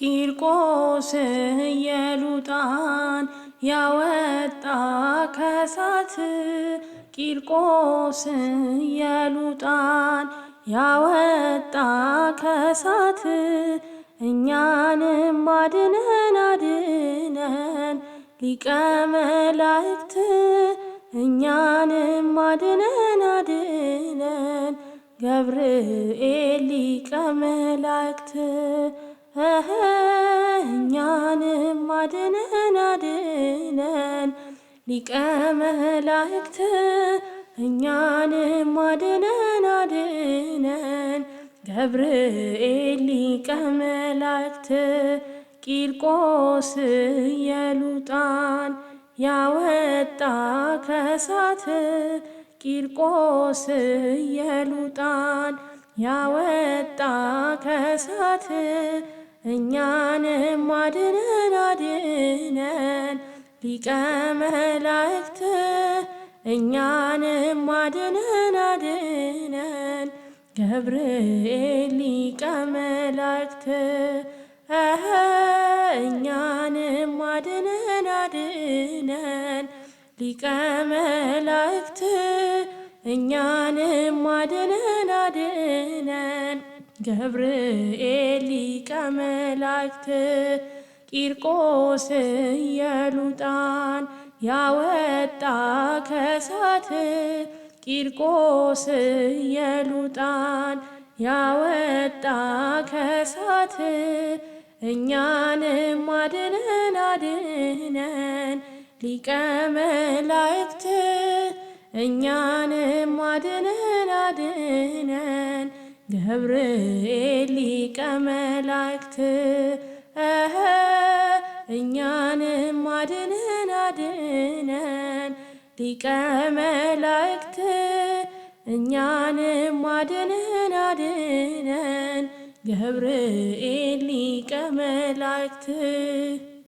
ቂርቆስ ኢየሉጣን ያወጣ ከሳት ቂርቆስ ኢየሉጣን ያወጣ ከሳት እኛንም አድነን አድነን ሊቀ መላእክት እኛንም አድነን አድነን ገብርኤል ሊቀ መላእክት ሊቀ መላእክት እኛንም አድነን አድነን ገብርኤል ሊቀ መላእክት ቂርቆስ ኢየሉጣን ያወጣ ከሳት ቂርቆስ ኢየሉጣን ያወጣ ከሳት እኛንም አድነን አድነን ሊቀ መላእክት እኛንም አድነን አድነን ገብርኤል ሊቀ መላእክት እኛንም አድነን አድነን ሊቀ መላእክት እኛንም አድነን አድነን ገብርኤል ሊቀ መላእክት ቂርቆስ ኢየሉጣን ያወጣ ከሳት ቂርቆስ ኢየሉጣን ያወጣ ከሳት እኛንም አድነን አድነን ሊቀ መላእክት እኛንም አድነን አድነን ገብርኤል ሊቀ መላእክት አድነን ሊቀ መላእክት እኛንም አድነን አድነን ገብርኤል ሊቀ መላእክት